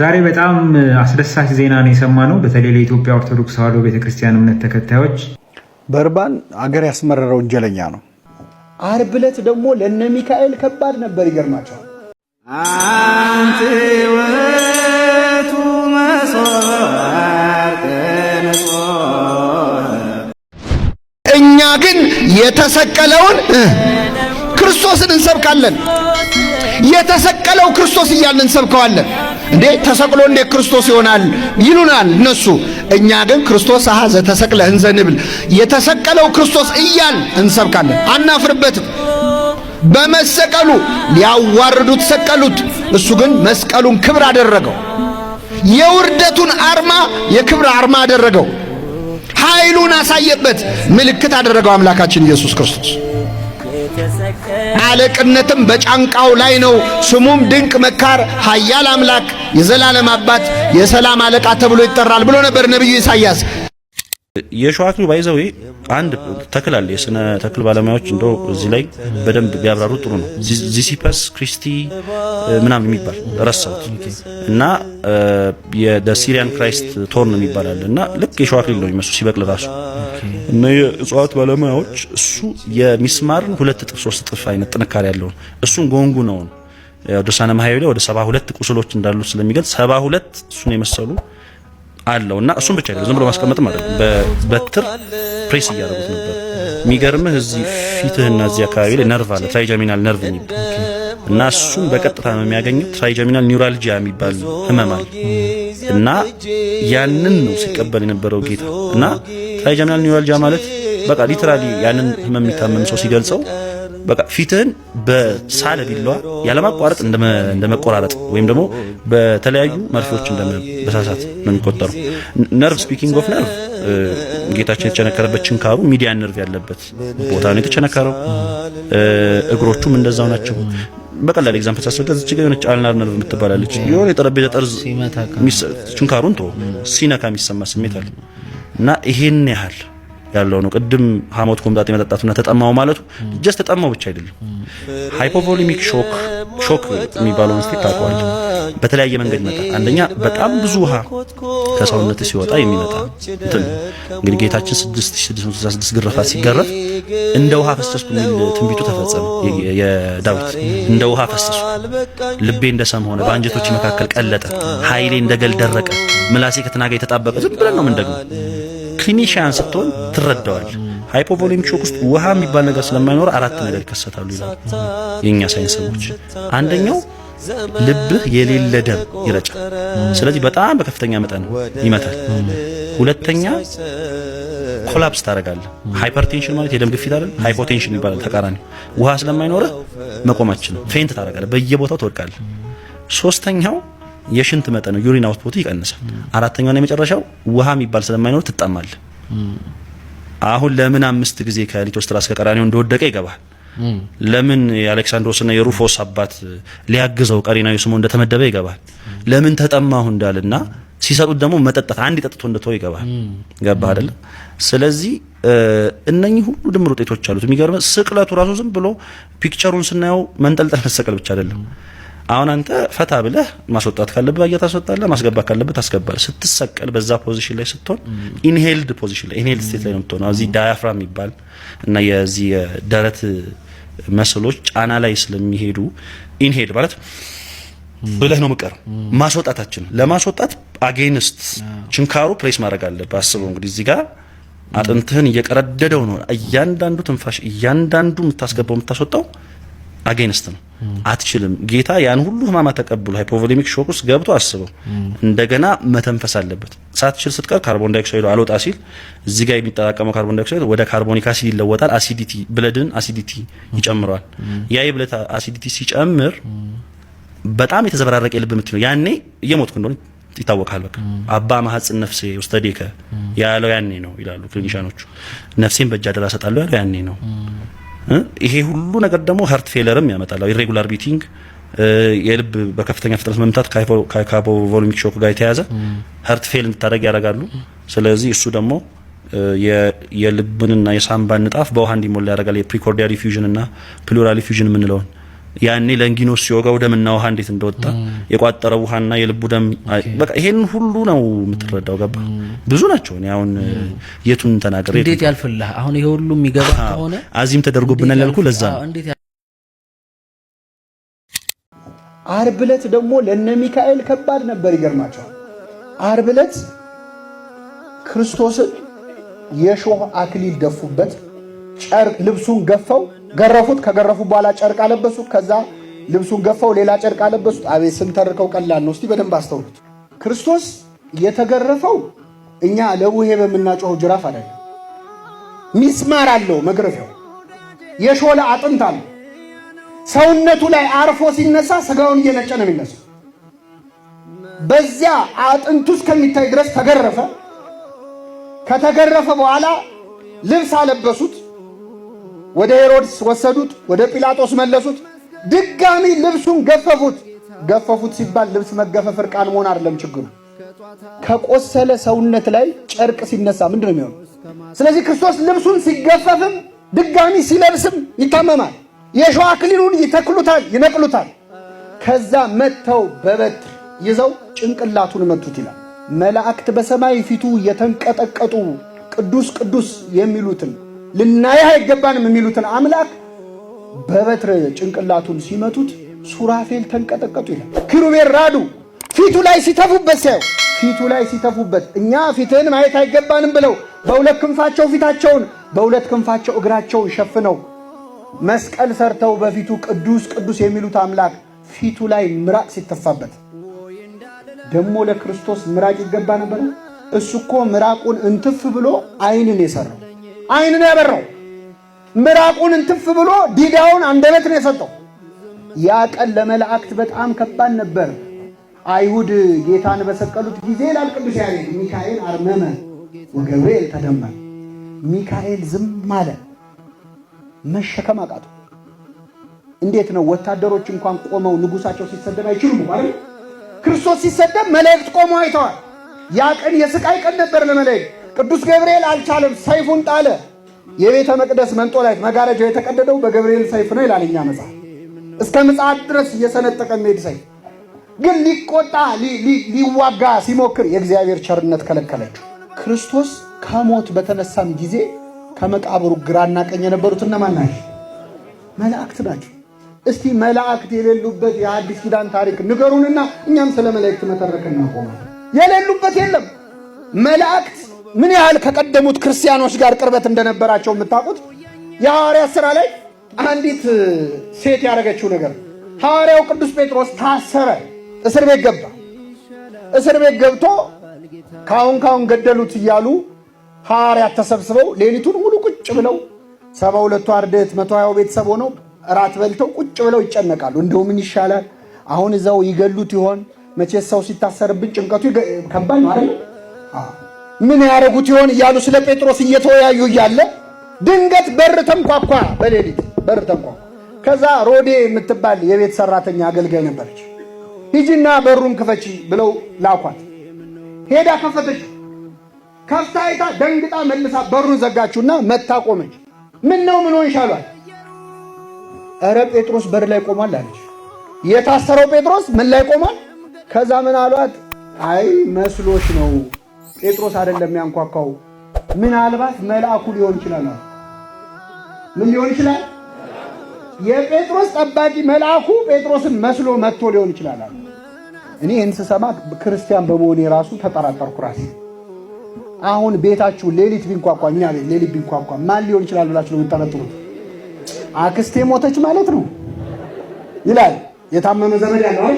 ዛሬ በጣም አስደሳች ዜና ነው የሰማነው። በተለይ ለኢትዮጵያ ኦርቶዶክስ ተዋሕዶ ቤተክርስቲያን እምነት ተከታዮች በርባን አገር ያስመረረው ወንጀለኛ ነው። አርብ ዕለት ደግሞ ለነ ሚካኤል ከባድ ነበር። ይገርማቸዋል። እኛ ግን የተሰቀለውን ክርስቶስን እንሰብካለን። የተሰቀለው ክርስቶስ እያለን እንሰብከዋለን። እንዴ ተሰቅሎ እንዴ ክርስቶስ ይሆናል ይሉናል እነሱ። እኛ ግን ክርስቶስ አሐዘ ዘተሰቅለ እንዘንብል የተሰቀለው ክርስቶስ እያል እንሰብካለን፣ አናፍርበትም። በመሰቀሉ ሊያዋርዱት ሰቀሉት፣ እሱ ግን መስቀሉን ክብር አደረገው። የውርደቱን አርማ የክብር አርማ አደረገው። ኃይሉን አሳየበት፣ ምልክት አደረገው አምላካችን ኢየሱስ ክርስቶስ አለቅነትም በጫንቃው ላይ ነው። ስሙም ድንቅ መካር፣ ኃያል አምላክ፣ የዘላለም አባት፣ የሰላም አለቃ ተብሎ ይጠራል ብሎ ነበር ነቢዩ ኢሳያስ። የሸዋቱ ባይዘዌ አንድ ተክል አለ። የስነ ተክል ባለሙያዎች እንደው እዚህ ላይ በደንብ ቢያብራሩ ጥሩ ነው። ዚሲፐስ ክሪስቲ ምናምን የሚባል ረሳሁት እና የሲሪያን ክራይስት ቶርን የሚባል አለ እና ልክ የሸዋክሊል ነው የሚመስሉ ሲበቅል ራሱ እና የእጽዋት ባለሙያዎች እሱ የሚስማርን ሁለት እጥፍ ሶስት እጥፍ አይነት ጥንካሬ ያለውን እሱን ጎንጉ ነውን ወደ ሳነ ማህያዊ ላይ ወደ ሰባ ሁለት ቁስሎች እንዳሉ ስለሚገልጽ ሰባ ሁለት እሱን የመሰሉ አለው እና እሱም ብቻ አይደለም፣ ዝም ብሎ ማስቀመጥም ማለት በበትር ፕሬስ እያደረጉት ነበር። የሚገርምህ እዚህ ፊትህና እዚህ አካባቢ ላይ ነርቭ አለ፣ ትራይጀሚናል ነርቭ የሚባል እና እሱም በቀጥታ ነው የሚያገኘው። ትራይጀሚናል ኒውራልጂያ የሚባል ህመም አለ እና ያንን ነው ሲቀበል የነበረው ጌታ እና ትራይጀሚናል ኒውራልጂያ ማለት በቃ ሊተራሊ ያንን ህመም የሚታመም ሰው ሲገልጸው በቃ ፊትህን በሳለ ቢላዋ ያለማቋረጥ እንደመቆራረጥ ወይም ደግሞ በተለያዩ መርፌዎች እንደመበሳሳት ነው የሚቆጠሩ። ነርቭ ስፒኪንግ ኦፍ ነርቭ ጌታችን የተቸነከረበት ችንካሩ ሚዲያን ነርቭ ያለበት ቦታ ነው የተቸነከረው። እግሮቹም እንደዛው ናቸው። በቀላል ኤግዛምፕል ሳስረዳ እዚህ ጋር የሆነች አልናር ነርቭ የምትባላለች የሆነ የጠረጴዛ ጠርዝ ችንካሩን ሲነካ የሚሰማ ስሜት አለ እና ይሄን ያህል ያለው ነው። ቅድም ሀሞት ኮምጣጤ መጠጣቱና ተጠማው ማለቱ ጀስ ተጠማው ብቻ አይደለም። ሃይፖቮሊሚክ ሾክ ሾክ የሚባለውን ስቴት ታውቀዋል። በተለያየ መንገድ ይመጣል። አንደኛ በጣም ብዙ ውሃ ከሰውነት ሲወጣ የሚመጣ እንትን እንግዲህ ጌታችን 6666 ግርፋት ሲገረፍ እንደ ውሃ ፈሰስኩ የሚል ትንቢቱ ተፈጸመ። የዳዊት እንደ ውሃ ፈሰስኩ፣ ልቤ እንደ ሰም ሆነ፣ በአንጀቶች መካከል ቀለጠ፣ ኃይሌ እንደ ገል ደረቀ፣ ምላሴ ከትናጋ የተጣበቀ ዝም ብለን ነው ምን ክሊኒሽያን ስትሆን ትረዳዋል። ሃይፖቮሊም ሾክ ውስጥ ውሃ የሚባል ነገር ስለማይኖር አራት ነገር ይከሰታሉ ይላሉ የእኛ ሳይንስ ሰዎች። አንደኛው ልብህ የሌለ ደም ይረጫል። ስለዚህ በጣም በከፍተኛ መጠን ይመታል። ሁለተኛ ኮላፕስ ታደርጋለህ። ሃይፐርቴንሽን ማለት የደም ግፊት አይደል? ሃይፖቴንሽን ይባላል ተቃራኒ። ውሃ ስለማይኖርህ መቆማችን ፌንት ታደርጋለህ፣ በየቦታው ትወድቃለህ። ሶስተኛው የሽንት መጠን ዩሪን አውትፑት ይቀንሳል። አራተኛውና የመጨረሻው ውሃ የሚባል ስለማይኖር ትጠማል። አሁን ለምን አምስት ጊዜ ከሊቶስትራ እስከ እንደወደቀ ይገባል። ለምን የአሌክሳንድሮስና የሩፎስ አባት ሊያግዘው ቀሪናዊ ስሙ እንደተመደበ ይገባል። ለምን ተጠማሁ እንዳልና ሲሰጡት ደግሞ መጠጣት አንድ ጠጥቶ እንደተወ ይገባል። ገባ አይደለም? ስለዚህ እነኚህ ሁሉ ድምር ውጤቶች አሉት። የሚገርም ስቅለቱ ራሱ ዝም ብሎ ፒክቸሩን ስናየው መንጠልጠል መሰቀል ብቻ አይደለም። አሁን አንተ ፈታ ብለህ ማስወጣት ካለብህ አየር ታስወጣለህ፣ ማስገባት ካለብህ ታስገባለህ። ስትሰቀል በዛ ፖዚሽን ላይ ስትሆን ኢንሄልድ ፖዚሽን ላይ ኢንሄልድ ስቴት ላይ ነው የምትሆነው። እዚህ ዳያፍራም የሚባል እና የዚህ የደረት መስሎች ጫና ላይ ስለሚሄዱ ኢንሄልድ ማለት ብለህ ነው የምቀር ማስወጣታችን ለማስወጣት አጌንስት ችንካሩ ፕሬስ ማድረግ አለብህ። አስበው እንግዲህ እዚህ ጋር አጥንትህን እየቀረደደው ነው እያንዳንዱ ትንፋሽ፣ እያንዳንዱ የምታስገባው የምታስወጣው አጌንስት ነው። አትችልም። ጌታ ያን ሁሉ ህማማ ተቀብሎ ሃይፖቮሊሚክ ሾክ ውስጥ ገብቶ አስበው እንደገና መተንፈስ አለበት። ሳትችል ስትቀር ካርቦን ዳይኦክሳይዱ አልወጣ ሲል እዚህ ጋር የሚጠራቀመው ካርቦን ዳይኦክሳይድ ወደ ካርቦኒክ አሲድ ይለወጣል። አሲዲቲ ብለድን አሲዲቲ ይጨምረዋል። ያ የብለድ አሲዲቲ ሲጨምር በጣም የተዘበራረቀ የልብ ምት ነው። ያኔ እየሞትኩ እንደሆነ ይታወቃል። በቃ አባ ማህጽን ነፍሴ ውስተ ዴከ ያለው ያኔ ነው ይላሉ ክሊኒሻኖቹ። ነፍሴን በእጅ አደራ ሰጣለሁ ያለው ያኔ ነው ይሄ ሁሉ ነገር ደግሞ ሀርት ፌለርም ያመጣል። ኢሬጉላር ቢቲንግ፣ የልብ በከፍተኛ ፍጥነት መምታት ቮሉሚክ ሾክ ጋር የተያዘ ሀርት ፌል እንድታደረግ ያደርጋሉ። ስለዚህ እሱ ደግሞ የልብንና የሳምባን ንጣፍ በውሃ እንዲሞላ ያደርጋል። የፕሪኮርዲያ ዲፊዥን እና ፕሉራል ዲፊዥን የምንለውን ያኔ ለንጊኖስ ሲወጋው ደምና ውሃ እንዴት እንደወጣ የቋጠረው ውሃና የልቡ ደም በቃ ይሄን ሁሉ ነው የምትረዳው። ገባ ብዙ ናቸው። እኔ አሁን የቱን ተናገር እንዴት ያልፍልህ? አሁን ይሄ ሁሉ የሚገባ ከሆነ አዚም ተደርጎብናል ያልኩ ለዛ ነው። አርብ ዕለት ደግሞ ለነ ሚካኤል ከባድ ነበር። ይገርማቸዋል። አርብ ዕለት ክርስቶስን የሾህ አክሊል ደፉበት፣ ጨርቅ ልብሱን ገፈው። ገረፉት። ከገረፉ በኋላ ጨርቅ አለበሱት። ከዛ ልብሱን ገፈው ሌላ ጨርቅ አለበሱት። አቤት ስንተርከው ቀላል ነው። እስቲ በደንብ አስተውሉት። ክርስቶስ የተገረፈው እኛ ለውሄ በምናጮኸው ጅራፍ አለ። ሚስማር አለው መግረፊያው፣ የሾለ አጥንት አለው። ሰውነቱ ላይ አርፎ ሲነሳ ስጋውን እየነጨ ነው የሚነሳው። በዚያ አጥንቱ እስከሚታይ ድረስ ተገረፈ። ከተገረፈ በኋላ ልብስ አለበሱት። ወደ ሄሮድስ ወሰዱት፣ ወደ ጲላጦስ መለሱት። ድጋሚ ልብሱን ገፈፉት። ገፈፉት ሲባል ልብስ መገፈፍ እርቃን መሆን አይደለም ችግሩ። ከቆሰለ ሰውነት ላይ ጨርቅ ሲነሳ ምንድን ነው የሚሆነው? ስለዚህ ክርስቶስ ልብሱን ሲገፈፍም ድጋሚ ሲለብስም ይታመማል። የሸዋ አክሊሉን ይተክሉታል፣ ይነቅሉታል። ከዛ መጥተው በበትር ይዘው ጭንቅላቱን መቱት ይላል። መላእክት በሰማይ ፊቱ የተንቀጠቀጡ ቅዱስ ቅዱስ የሚሉትን ልናየ አይገባንም የሚሉትን አምላክ በበትር ጭንቅላቱን ሲመቱት ሱራፌል ተንቀጠቀጡ ይላል። ኪሩቤል ራዱ ፊቱ ላይ ሲተፉበት ሲያዩ ፊቱ ላይ ሲተፉበት እኛ ፊትህን ማየት አይገባንም ብለው በሁለት ክንፋቸው ፊታቸውን በሁለት ክንፋቸው እግራቸው ሸፍነው መስቀል ሰርተው በፊቱ ቅዱስ ቅዱስ የሚሉት አምላክ ፊቱ ላይ ምራቅ ሲተፋበት ደግሞ ለክርስቶስ ምራቅ ይገባ ነበር። እሱ እኮ ምራቁን እንትፍ ብሎ ዓይንን የሰራው አይንን ያበራው ምራቁን እንትፍ ብሎ ዲዳውን አንደበት ነው የሰጠው። ያ ቀን ለመላእክት በጣም ከባድ ነበር። አይሁድ ጌታን በሰቀሉት ጊዜ ይላል ቅዱስ ያሬድ ሚካኤል አርመመ ወገብርኤል ተደመመ። ሚካኤል ዝም አለ፣ መሸከም አቃቱ። እንዴት ነው ወታደሮች እንኳን ቆመው ንጉሳቸው ሲሰደብ አይችሉም ማለት ክርስቶስ ሲሰደብ መላእክት ቆመው አይተዋል። ያ ቀን የስቃይ ቀን ነበር ለመላእክት ቅዱስ ገብርኤል አልቻለም፣ ሰይፉን ጣለ። የቤተ መቅደስ ላይ መጋረጃ የተቀደደው በገብርኤል ሰይፍ ነው ይላል እኛ መጽሐፍ። እስከ ምጽአት ድረስ እየሰነጠቀ የሚሄድ ሰይፍ ግን ሊቆጣ ሊዋጋ ሲሞክር የእግዚአብሔር ቸርነት ከለከለችው። ክርስቶስ ከሞት በተነሳም ጊዜ ከመቃብሩ ግራና ቀኝ የነበሩት እነማን ናቸው? መላእክት ናቸው። እስቲ መላእክት የሌሉበት የአዲስ ኪዳን ታሪክ ንገሩንና እኛም ስለ መላእክት መተረክ እናቆማል። የሌሉበት የለም መላእክት ምን ያህል ከቀደሙት ክርስቲያኖች ጋር ቅርበት እንደነበራቸው የምታውቁት የሐዋርያት ሥራ ላይ አንዲት ሴት ያደረገችው ነገር ሐዋርያው ቅዱስ ጴጥሮስ ታሰረ፣ እስር ቤት ገባ። እስር ቤት ገብቶ ካሁን ካሁን ገደሉት እያሉ ሐዋርያት ተሰብስበው ሌሊቱን ሙሉ ቁጭ ብለው ሰባ ሁለቱ አርድእት መቶ ሀያው ቤተሰብ ሆነው እራት በልተው ቁጭ ብለው ይጨነቃሉ። እንደው ምን ይሻላል አሁን እዛው ይገሉት ይሆን? መቼ ሰው ሲታሰርብን ጭንቀቱ ከባድ ነው አይደል? ምን ያደረጉት ይሆን እያሉ ስለ ጴጥሮስ እየተወያዩ እያለ ድንገት በር ተንኳኳ። በሌሊት በር ተንኳኳ። ከዛ ሮዴ የምትባል የቤት ሰራተኛ አገልጋይ ነበረች። ሂጂና በሩን ክፈች ብለው ላኳት። ሄዳ ከፈተች። ከፍታ አይታ ደንግጣ መልሳ በሩን ዘጋችሁና መታ ቆመች። ምን ነው ምን ሆንሽ እረ ጴጥሮስ በር ላይ ቆሟል አለች። የታሰረው ጴጥሮስ ምን ላይ ቆሟል? ከዛ ምን አሏት? አይ መስሎሽ ነው ጴጥሮስ አይደለም ያንኳኳው። ምናልባት መልአኩ ሊሆን ይችላል። ምን ሊሆን ይችላል? የጴጥሮስ ጠባቂ መልአኩ ጴጥሮስን መስሎ መጥቶ ሊሆን ይችላል። እኔ ይህን ስሰማ ክርስቲያን በመሆኔ ራሱ ተጠራጠርኩ። ራሴ አሁን ቤታችሁ ሌሊት ቢንኳኳ እኛ ቤት ሌሊት ቢንኳኳ ማን ሊሆን ይችላል ብላችሁ ነው የምጠረጥሩት? አክስቴ ሞተች ማለት ነው ይላል የታመመ ዘመድ ያለው።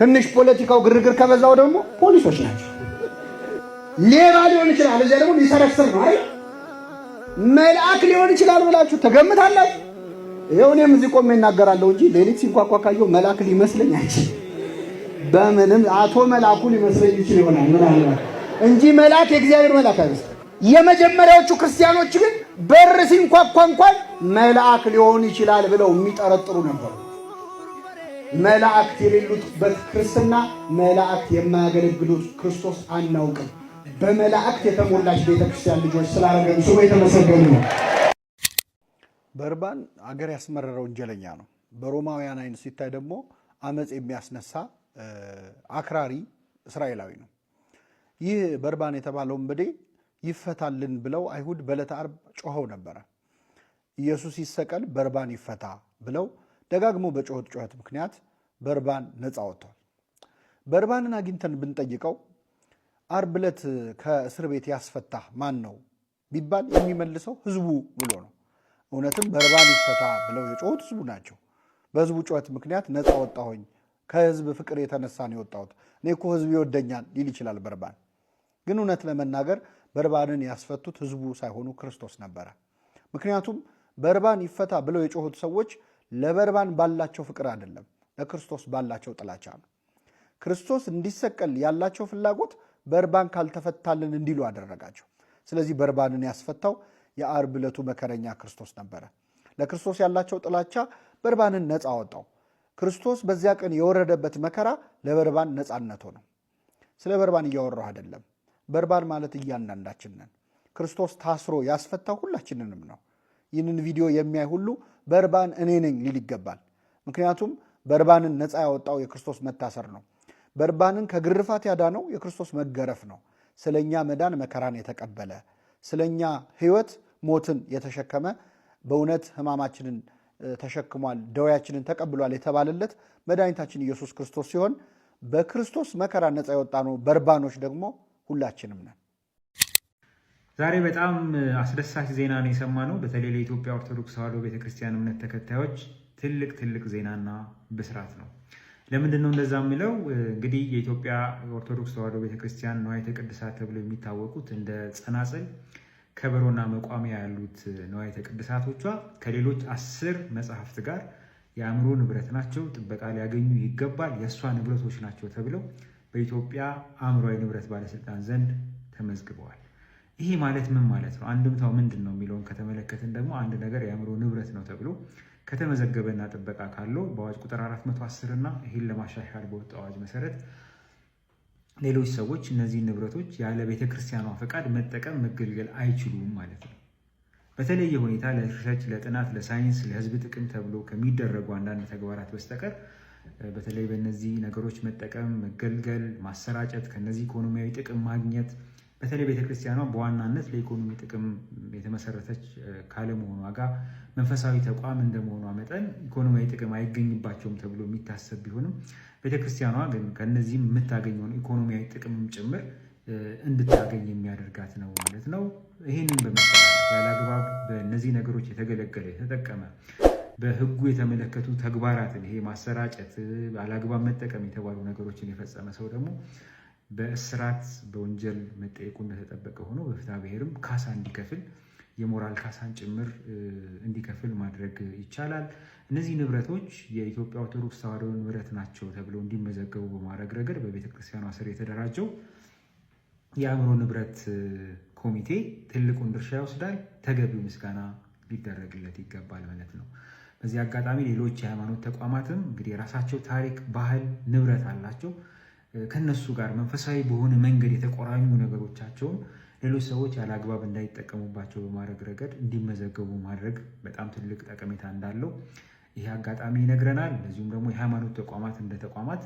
ትንሽ ፖለቲካው ግርግር ከበዛው ደግሞ ፖሊሶች ናቸው። ሌባ ሊሆን ይችላል፣ እዚያ ደግሞ ሊሰረስር ነው አይደል? መልአክ ሊሆን ይችላል ብላችሁ ተገምታላችሁ። ይኸው እኔም እዚህ ቆሜ እናገራለሁ እንጂ ሌሊት ሲንኳኳ ካየሁ መልአክ ሊመስለኝ አይችል። በምንም አቶ መልአኩ ሊመስለኝ ይችል ይሆናል ምናልባት እንጂ መልአክ የእግዚአብሔር መልአክ አይመስል። የመጀመሪያዎቹ ክርስቲያኖች ግን በር ሲንኳኳ እንኳን መልአክ ሊሆን ይችላል ብለው የሚጠረጥሩ ነበሩ። መላእክት የሌሉበት ክርስትና፣ መላእክት የማያገለግሉት ክርስቶስ አናውቅም። በመላእክት የተሞላች ቤተክርስቲያን ልጆች ስላረገን ስሙ የተመሰገኑ ነው። በርባን አገር ያስመረረ ወንጀለኛ ነው። በሮማውያን አይነት ሲታይ ደግሞ አመፅ የሚያስነሳ አክራሪ እስራኤላዊ ነው። ይህ በርባን የተባለው ወንበዴ ይፈታልን ብለው አይሁድ በዕለተ ዓርብ ጮኸው ነበረ። ኢየሱስ ይሰቀል፣ በርባን ይፈታ ብለው ደጋግሞ በጮኸት ጮኸት ምክንያት በርባን ነፃ ወጥቷል። በርባንን አግኝተን ብንጠይቀው አርብ ዕለት ከእስር ቤት ያስፈታ ማን ነው ቢባል የሚመልሰው ህዝቡ ብሎ ነው። እውነትም በርባን ይፈታ ብለው የጮሁት ህዝቡ ናቸው። በህዝቡ ጩኸት ምክንያት ነፃ ወጣሁኝ፣ ከህዝብ ፍቅር የተነሳ ነው የወጣሁት፣ እኔ እኮ ህዝብ ይወደኛል ሊል ይችላል በርባን። ግን እውነት ለመናገር በርባንን ያስፈቱት ህዝቡ ሳይሆኑ ክርስቶስ ነበረ። ምክንያቱም በርባን ይፈታ ብለው የጮሁት ሰዎች ለበርባን ባላቸው ፍቅር አይደለም፣ ለክርስቶስ ባላቸው ጥላቻ ነው። ክርስቶስ እንዲሰቀል ያላቸው ፍላጎት በርባን ካልተፈታልን እንዲሉ አደረጋቸው። ስለዚህ በርባንን ያስፈታው የአርብ ዕለቱ መከረኛ ክርስቶስ ነበረ። ለክርስቶስ ያላቸው ጥላቻ በርባንን ነፃ አወጣው። ክርስቶስ በዚያ ቀን የወረደበት መከራ ለበርባን ነፃነቱ ነው። ስለ በርባን እያወራሁ አይደለም። በርባን ማለት እያንዳንዳችን ነን። ክርስቶስ ታስሮ ያስፈታው ሁላችንንም ነው። ይህንን ቪዲዮ የሚያይ ሁሉ በርባን እኔ ነኝ ሊል ይገባል። ምክንያቱም በርባንን ነፃ ያወጣው የክርስቶስ መታሰር ነው። በርባንን ከግርፋት ያዳነው የክርስቶስ መገረፍ ነው። ስለኛ መዳን መከራን የተቀበለ ስለኛ ሕይወት ሞትን የተሸከመ በእውነት ሕማማችንን ተሸክሟል፣ ደዌያችንን ተቀብሏል የተባለለት መድኃኒታችን ኢየሱስ ክርስቶስ ሲሆን በክርስቶስ መከራ ነፃ ነው። በርባኖች ደግሞ ሁላችንም ነን። ዛሬ በጣም አስደሳች ዜና ነው የሰማነው። በተለይ ለኢትዮጵያ ኦርቶዶክስ ተዋሕዶ ቤተክርስቲያን እምነት ተከታዮች ትልቅ ትልቅ ዜናና ብስራት ነው። ለምንድን ነው እንደዛ የሚለው? እንግዲህ የኢትዮጵያ ኦርቶዶክስ ተዋሕዶ ቤተክርስቲያን ንዋየተ ቅድሳት ተብሎ የሚታወቁት እንደ ጸናጽል፣ ከበሮና መቋሚያ ያሉት ንዋየተ ቅድሳቶቿ ከሌሎች አስር መጽሐፍት ጋር የአእምሮ ንብረት ናቸው፣ ጥበቃ ሊያገኙ ይገባል፣ የእሷ ንብረቶች ናቸው ተብለው በኢትዮጵያ አእምሯዊ ንብረት ባለስልጣን ዘንድ ተመዝግበዋል። ይሄ ማለት ምን ማለት ነው? አንድምታው ምንድን ነው የሚለውን ከተመለከትን ደግሞ አንድ ነገር የአእምሮ ንብረት ነው ተብሎ ከተመዘገበና ጥበቃ ካለው በአዋጅ ቁጥር 410 እና ይህን ለማሻሻል በወጣ አዋጅ መሰረት ሌሎች ሰዎች እነዚህን ንብረቶች ያለ ቤተክርስቲያኗ ፈቃድ መጠቀም መገልገል አይችሉም ማለት ነው። በተለየ ሁኔታ ለሪሰርች፣ ለጥናት፣ ለሳይንስ፣ ለህዝብ ጥቅም ተብሎ ከሚደረጉ አንዳንድ ተግባራት በስተቀር በተለይ በእነዚህ ነገሮች መጠቀም፣ መገልገል፣ ማሰራጨት ከነዚህ ኢኮኖሚያዊ ጥቅም ማግኘት በተለይ ቤተክርስቲያኗ በዋናነት ለኢኮኖሚ ጥቅም የተመሰረተች ካለመሆኗ ጋር መንፈሳዊ ተቋም እንደመሆኗ መጠን ኢኮኖሚያዊ ጥቅም አይገኝባቸውም ተብሎ የሚታሰብ ቢሆንም ቤተክርስቲያኗ ግን ከነዚህም የምታገኘውን ኢኮኖሚያዊ ጥቅምም ጭምር እንድታገኝ የሚያደርጋት ነው ማለት ነው። ይህንን በመሰራት ያለአግባብ በእነዚህ ነገሮች የተገለገለ የተጠቀመ በህጉ የተመለከቱ ተግባራትን ይሄ ማሰራጨት፣ አላግባብ መጠቀም የተባሉ ነገሮችን የፈጸመ ሰው ደግሞ በእስራት በወንጀል መጠየቁ እንደተጠበቀ ሆኖ በፍትሐ ብሔርም ካሳ እንዲከፍል የሞራል ካሳን ጭምር እንዲከፍል ማድረግ ይቻላል። እነዚህ ንብረቶች የኢትዮጵያ ኦርቶዶክስ ተዋሕዶ ንብረት ናቸው ተብለው እንዲመዘገቡ በማድረግ ረገድ በቤተ ክርስቲያኗ ስር የተደራጀው የአእምሮ ንብረት ኮሚቴ ትልቁን ድርሻ ይወስዳል። ተገቢው ምስጋና ሊደረግለት ይገባል ማለት ነው። በዚህ አጋጣሚ ሌሎች የሃይማኖት ተቋማትም እንግዲህ የራሳቸው ታሪክ፣ ባህል፣ ንብረት አላቸው። ከነሱ ጋር መንፈሳዊ በሆነ መንገድ የተቆራኙ ነገሮቻቸውን ሌሎች ሰዎች ያለ አግባብ እንዳይጠቀሙባቸው በማድረግ ረገድ እንዲመዘገቡ ማድረግ በጣም ትልቅ ጠቀሜታ እንዳለው ይህ አጋጣሚ ይነግረናል። እንደዚሁም ደግሞ የሃይማኖት ተቋማት እንደ ተቋማት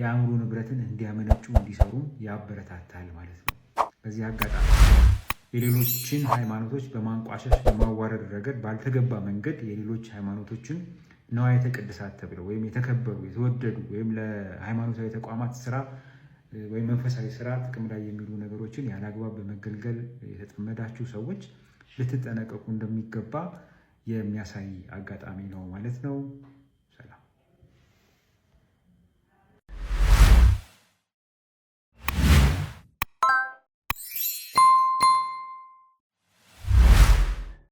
የአእምሮ ንብረትን እንዲያመነጩ እንዲሰሩም ያበረታታል ማለት ነው። በዚህ አጋጣሚ የሌሎችን ሃይማኖቶች በማንቋሸሽ በማዋረድ ረገድ ባልተገባ መንገድ የሌሎች ሃይማኖቶችን ነዋየተ ቅድሳት ተብለው ወይም የተከበሩ የተወደዱ ወይም ለሃይማኖታዊ ተቋማት ስራ ወይም መንፈሳዊ ስራ ጥቅም ላይ የሚሉ ነገሮችን ያለአግባብ በመገልገል የተጠመዳችሁ ሰዎች ልትጠነቀቁ እንደሚገባ የሚያሳይ አጋጣሚ ነው ማለት ነው።